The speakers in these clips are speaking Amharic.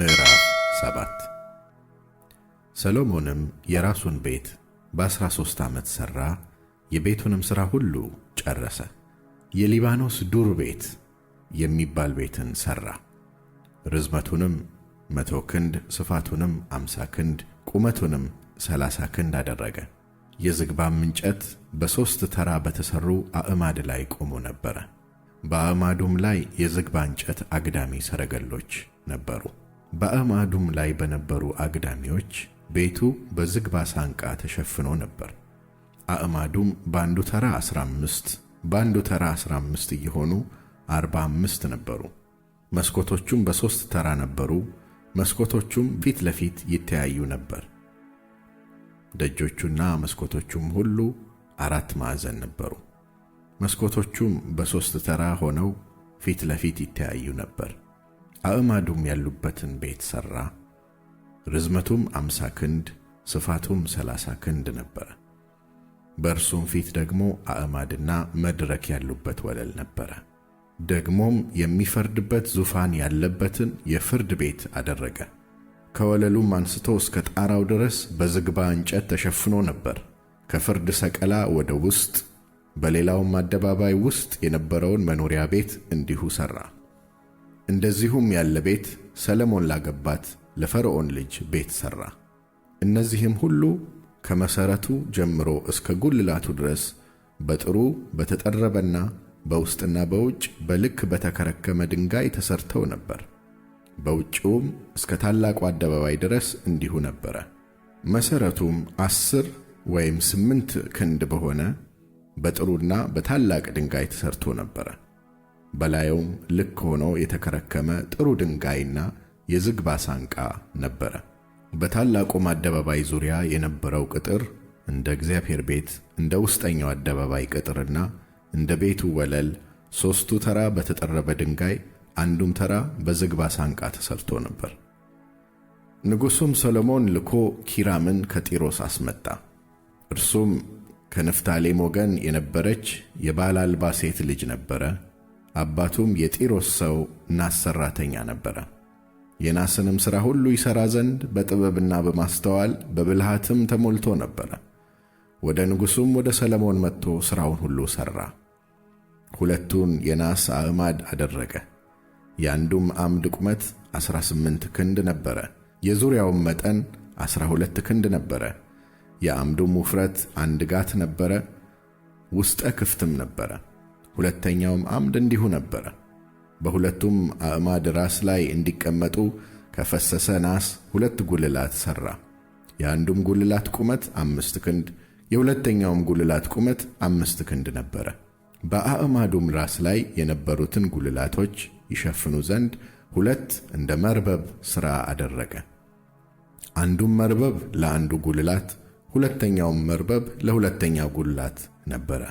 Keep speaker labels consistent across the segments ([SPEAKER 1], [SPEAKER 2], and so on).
[SPEAKER 1] ምዕራፍ ሰባት ሰሎሞንም የራሱን ቤት በአሥራ ሦስት ዓመት ሠራ፣ የቤቱንም ሥራ ሁሉ ጨረሰ። የሊባኖስ ዱር ቤት የሚባል ቤትን ሠራ። ርዝመቱንም መቶ ክንድ ስፋቱንም አምሳ ክንድ ቁመቱንም ሰላሳ ክንድ አደረገ። የዝግባም እንጨት በሦስት ተራ በተሠሩ አዕማድ ላይ ቆሞ ነበረ። በአዕማዱም ላይ የዝግባ እንጨት አግዳሚ ሰረገሎች ነበሩ። በአዕማዱም ላይ በነበሩ አግዳሚዎች ቤቱ በዝግባ ሳንቃ ተሸፍኖ ነበር። አዕማዱም በአንዱ ተራ 15 በአንዱ ተራ 15 እየሆኑ 45 ነበሩ። መስኮቶቹም በሦስት ተራ ነበሩ። መስኮቶቹም ፊት ለፊት ይተያዩ ነበር። ደጆቹና መስኮቶቹም ሁሉ አራት ማዕዘን ነበሩ። መስኮቶቹም በሦስት ተራ ሆነው ፊት ለፊት ይተያዩ ነበር። አዕማዱም ያሉበትን ቤት ሠራ። ርዝመቱም አምሳ ክንድ ስፋቱም ሰላሳ ክንድ ነበረ። በእርሱም ፊት ደግሞ አእማድና መድረክ ያሉበት ወለል ነበረ። ደግሞም የሚፈርድበት ዙፋን ያለበትን የፍርድ ቤት አደረገ። ከወለሉም አንስቶ እስከ ጣራው ድረስ በዝግባ እንጨት ተሸፍኖ ነበር። ከፍርድ ሰቀላ ወደ ውስጥ በሌላውም አደባባይ ውስጥ የነበረውን መኖሪያ ቤት እንዲሁ ሠራ። እንደዚሁም ያለ ቤት ሰለሞን ላገባት ለፈርዖን ልጅ ቤት ሠራ። እነዚህም ሁሉ ከመሠረቱ ጀምሮ እስከ ጉልላቱ ድረስ በጥሩ በተጠረበና በውስጥና በውጭ በልክ በተከረከመ ድንጋይ ተሠርተው ነበር። በውጭውም እስከ ታላቁ አደባባይ ድረስ እንዲሁ ነበረ። መሠረቱም ዐሥር ወይም ስምንት ክንድ በሆነ በጥሩና በታላቅ ድንጋይ ተሠርቶ ነበረ። በላዩም ልክ ሆኖ የተከረከመ ጥሩ ድንጋይና የዝግባ ሳንቃ ነበረ። በታላቁም አደባባይ ዙሪያ የነበረው ቅጥር እንደ እግዚአብሔር ቤት እንደ ውስጠኛው አደባባይ ቅጥርና እንደ ቤቱ ወለል ሦስቱ ተራ በተጠረበ ድንጋይ አንዱም ተራ በዝግባ ሳንቃ ተሰርቶ ነበር። ንጉሡም ሰሎሞን ልኮ ኪራምን ከጢሮስ አስመጣ። እርሱም ከንፍታሌም ወገን የነበረች የባል አልባ ሴት ልጅ ነበረ። አባቱም የጢሮስ ሰው ናስ ሠራተኛ ነበረ። የናስንም ሥራ ሁሉ ይሠራ ዘንድ በጥበብና በማስተዋል በብልሃትም ተሞልቶ ነበረ። ወደ ንጉሡም ወደ ሰለሞን መጥቶ ሥራውን ሁሉ ሠራ። ሁለቱን የናስ አዕማድ አደረገ። የአንዱም አምድ ቁመት ዐሥራ ስምንት ክንድ ነበረ። የዙሪያውም መጠን ዐሥራ ሁለት ክንድ ነበረ። የአምዱም ውፍረት አንድ ጋት ነበረ፣ ውስጠ ክፍትም ነበረ። ሁለተኛውም አምድ እንዲሁ ነበረ። በሁለቱም አዕማድ ራስ ላይ እንዲቀመጡ ከፈሰሰ ናስ ሁለት ጉልላት ሠራ። የአንዱም ጉልላት ቁመት አምስት ክንድ፣ የሁለተኛውም ጉልላት ቁመት አምስት ክንድ ነበረ። በአዕማዱም ራስ ላይ የነበሩትን ጉልላቶች ይሸፍኑ ዘንድ ሁለት እንደ መርበብ ሥራ አደረገ። አንዱም መርበብ ለአንዱ ጉልላት፣ ሁለተኛውም መርበብ ለሁለተኛው ጉልላት ነበረ።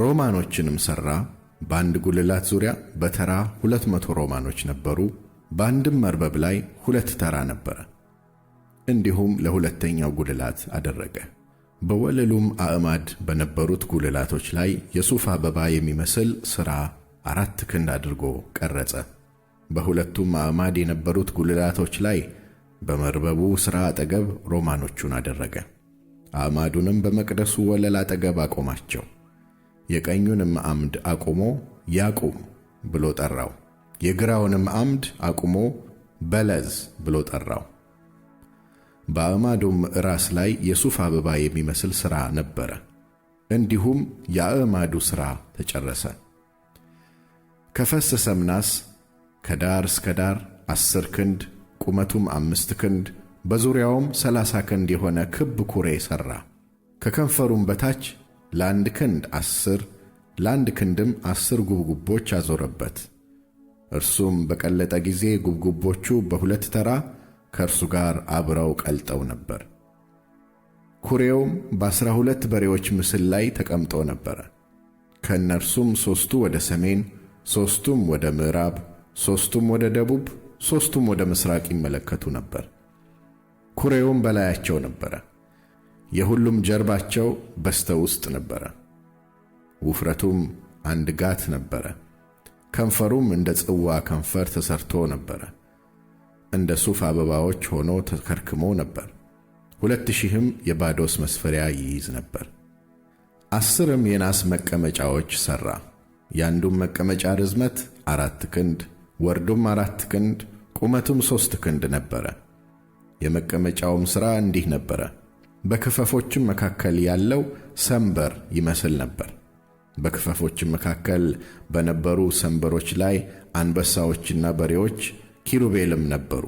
[SPEAKER 1] ሮማኖችንም ሠራ። በአንድ ጉልላት ዙሪያ በተራ ሁለት መቶ ሮማኖች ነበሩ። በአንድም መርበብ ላይ ሁለት ተራ ነበረ። እንዲሁም ለሁለተኛው ጉልላት አደረገ። በወለሉም አዕማድ በነበሩት ጉልላቶች ላይ የሱፍ አበባ የሚመስል ሥራ አራት ክንድ አድርጎ ቀረጸ። በሁለቱም አዕማድ የነበሩት ጉልላቶች ላይ በመርበቡ ሥራ አጠገብ ሮማኖቹን አደረገ። አዕማዱንም በመቅደሱ ወለል አጠገብ አቆማቸው። የቀኙንም አምድ አቁሞ ያቁም ብሎ ጠራው። የግራውንም አምድ አቁሞ በለዝ ብሎ ጠራው። በአዕማዱም ራስ ላይ የሱፍ አበባ የሚመስል ሥራ ነበረ። እንዲሁም የአዕማዱ ሥራ ተጨረሰ። ከፈሰሰም ናስ ከዳር እስከ ዳር አስር ክንድ ቁመቱም አምስት ክንድ በዙሪያውም ሰላሳ ክንድ የሆነ ክብ ኩሬ ሠራ። ከከንፈሩም በታች ለአንድ ክንድ አስር ለአንድ ክንድም አስር ጉብጉቦች አዞረበት። እርሱም በቀለጠ ጊዜ ጉብጉቦቹ በሁለት ተራ ከእርሱ ጋር አብረው ቀልጠው ነበር። ኩሬውም በዐሥራ ሁለት በሬዎች ምስል ላይ ተቀምጦ ነበረ። ከእነርሱም ሦስቱ ወደ ሰሜን፣ ሦስቱም ወደ ምዕራብ፣ ሦስቱም ወደ ደቡብ፣ ሦስቱም ወደ ምሥራቅ ይመለከቱ ነበር። ኩሬውም በላያቸው ነበረ። የሁሉም ጀርባቸው በስተ ውስጥ ነበረ። ውፍረቱም አንድ ጋት ነበረ። ከንፈሩም እንደ ጽዋ ከንፈር ተሰርቶ ነበረ። እንደ ሱፍ አበባዎች ሆኖ ተከርክሞ ነበር። ሁለት ሺህም የባዶስ መስፈሪያ ይይዝ ነበር። አስርም የናስ መቀመጫዎች ሠራ። ያንዱም መቀመጫ ርዝመት አራት ክንድ፣ ወርዱም አራት ክንድ፣ ቁመቱም ሦስት ክንድ ነበረ። የመቀመጫውም ሥራ እንዲህ ነበረ። በክፈፎችም መካከል ያለው ሰንበር ይመስል ነበር። በክፈፎችም መካከል በነበሩ ሰንበሮች ላይ አንበሳዎችና በሬዎች ኪሩቤልም ነበሩ፣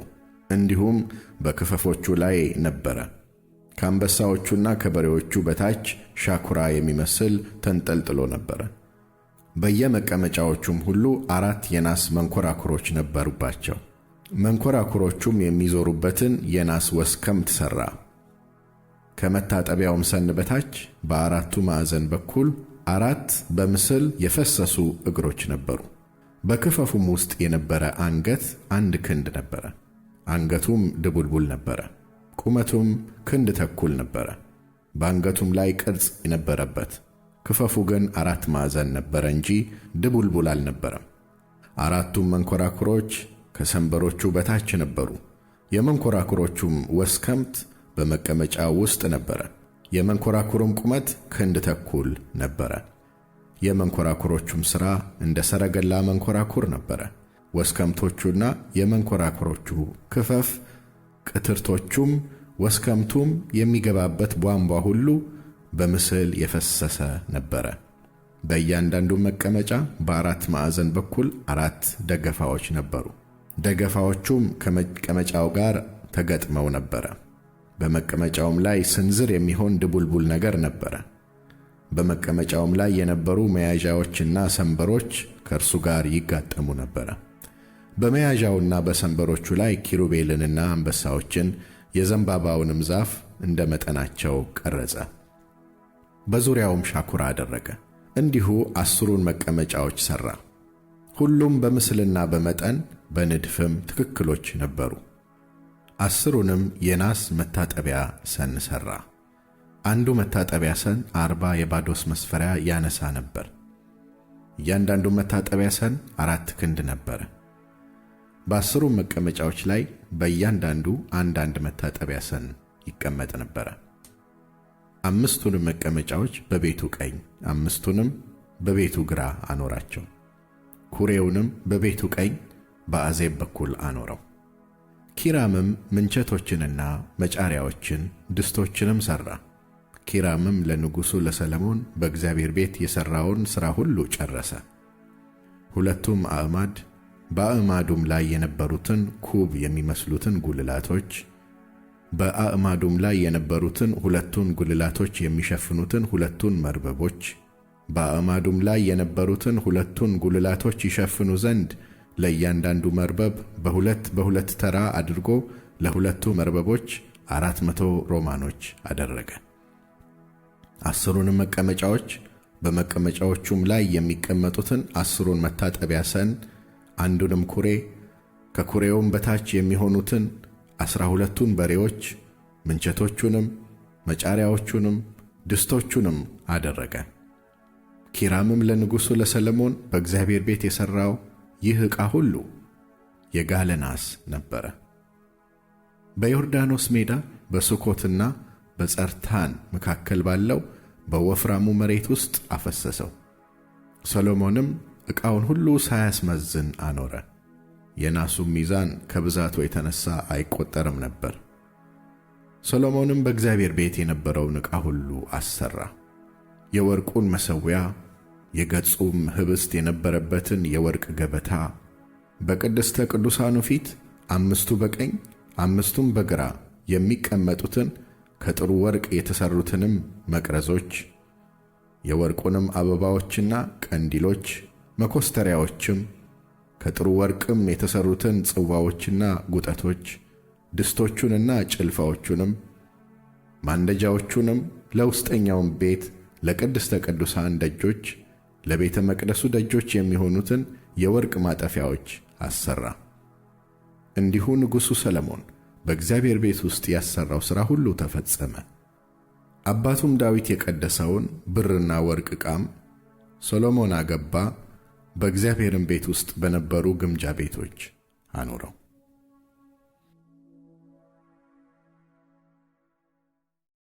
[SPEAKER 1] እንዲሁም በክፈፎቹ ላይ ነበረ። ከአንበሳዎቹና ከበሬዎቹ በታች ሻኩራ የሚመስል ተንጠልጥሎ ነበረ። በየመቀመጫዎቹም ሁሉ አራት የናስ መንኮራኩሮች ነበሩባቸው። መንኮራኩሮቹም የሚዞሩበትን የናስ ወስከም ተሠራ። ከመታጠቢያውም ሰን በታች በአራቱ ማዕዘን በኩል አራት በምስል የፈሰሱ እግሮች ነበሩ። በክፈፉም ውስጥ የነበረ አንገት አንድ ክንድ ነበረ። አንገቱም ድቡልቡል ነበረ፣ ቁመቱም ክንድ ተኩል ነበረ። በአንገቱም ላይ ቅርጽ የነበረበት ክፈፉ ግን አራት ማዕዘን ነበረ እንጂ ድቡልቡል አልነበረም። አራቱም መንኮራኩሮች ከሰንበሮቹ በታች ነበሩ። የመንኮራኩሮቹም ወስከምት በመቀመጫ ውስጥ ነበረ። የመንኮራኩሩም ቁመት ክንድ ተኩል ነበረ። የመንኮራኩሮቹም ሥራ እንደ ሰረገላ መንኮራኩር ነበረ። ወስከምቶቹና የመንኮራኩሮቹ ክፈፍ፣ ቅትርቶቹም፣ ወስከምቱም የሚገባበት ቧንቧ ሁሉ በምስል የፈሰሰ ነበረ። በእያንዳንዱ መቀመጫ በአራት ማዕዘን በኩል አራት ደገፋዎች ነበሩ። ደገፋዎቹም ከመቀመጫው ጋር ተገጥመው ነበረ። በመቀመጫውም ላይ ስንዝር የሚሆን ድቡልቡል ነገር ነበረ። በመቀመጫውም ላይ የነበሩ መያዣዎችና ሰንበሮች ከእርሱ ጋር ይጋጠሙ ነበረ። በመያዣውና በሰንበሮቹ ላይ ኪሩቤልንና አንበሳዎችን የዘንባባውንም ዛፍ እንደ መጠናቸው ቀረጸ። በዙሪያውም ሻኩራ አደረገ። እንዲሁ አስሩን መቀመጫዎች ሠራ። ሁሉም በምስልና በመጠን በንድፍም ትክክሎች ነበሩ። አስሩንም የናስ መታጠቢያ ሰን ሠራ። አንዱ መታጠቢያ ሰን አርባ የባዶስ መስፈሪያ ያነሳ ነበር። እያንዳንዱ መታጠቢያ ሰን አራት ክንድ ነበረ። በአስሩም መቀመጫዎች ላይ በእያንዳንዱ አንዳንድ መታጠቢያ ሰን ይቀመጥ ነበረ። አምስቱንም መቀመጫዎች በቤቱ ቀኝ፣ አምስቱንም በቤቱ ግራ አኖራቸው። ኩሬውንም በቤቱ ቀኝ በአዜብ በኩል አኖረው። ኪራምም ምንቸቶችንና መጫሪያዎችን ድስቶችንም ሠራ። ኪራምም ለንጉሡ ለሰለሞን በእግዚአብሔር ቤት የሠራውን ሥራ ሁሉ ጨረሰ። ሁለቱም አዕማድ፣ በአዕማዱም ላይ የነበሩትን ኩብ የሚመስሉትን ጉልላቶች፣ በአዕማዱም ላይ የነበሩትን ሁለቱን ጉልላቶች የሚሸፍኑትን ሁለቱን መርበቦች፣ በአዕማዱም ላይ የነበሩትን ሁለቱን ጉልላቶች ይሸፍኑ ዘንድ ለእያንዳንዱ መርበብ በሁለት በሁለት ተራ አድርጎ ለሁለቱ መርበቦች አራት መቶ ሮማኖች አደረገ። አስሩንም መቀመጫዎች በመቀመጫዎቹም ላይ የሚቀመጡትን አስሩን መታጠቢያ ሰን፣ አንዱንም ኩሬ ከኩሬውም በታች የሚሆኑትን አስራ ሁለቱን በሬዎች፣ ምንቸቶቹንም፣ መጫሪያዎቹንም፣ ድስቶቹንም አደረገ። ኪራምም ለንጉሡ ለሰለሞን በእግዚአብሔር ቤት የሠራው ይህ ዕቃ ሁሉ የጋለ ናስ ነበረ። በዮርዳኖስ ሜዳ በሱኮትና በጸርታን መካከል ባለው በወፍራሙ መሬት ውስጥ አፈሰሰው። ሰሎሞንም ዕቃውን ሁሉ ሳያስመዝን አኖረ። የናሱም ሚዛን ከብዛቱ የተነሣ አይቈጠርም ነበር። ሰሎሞንም በእግዚአብሔር ቤት የነበረውን ዕቃ ሁሉ አሠራ። የወርቁን መሠዊያ የገጹም ኅብስት የነበረበትን የወርቅ ገበታ በቅድስተ ቅዱሳኑ ፊት አምስቱ በቀኝ አምስቱም በግራ የሚቀመጡትን ከጥሩ ወርቅ የተሠሩትንም መቅረዞች የወርቁንም አበባዎችና ቀንዲሎች መኮስተሪያዎችም ከጥሩ ወርቅም የተሠሩትን ጽዋዎችና ጉጠቶች ድስቶቹንና ጭልፋዎቹንም ማንደጃዎቹንም ለውስጠኛውም ቤት ለቅድስተ ቅዱሳን ደጆች ለቤተ መቅደሱ ደጆች የሚሆኑትን የወርቅ ማጠፊያዎች አሠራ። እንዲሁ ንጉሡ ሰለሞን በእግዚአብሔር ቤት ውስጥ ያሠራው ሥራ ሁሉ ተፈጸመ። አባቱም ዳዊት የቀደሰውን ብርና ወርቅ ዕቃም ሰሎሞን አገባ፣ በእግዚአብሔርም ቤት ውስጥ በነበሩ ግምጃ ቤቶች አኖረው።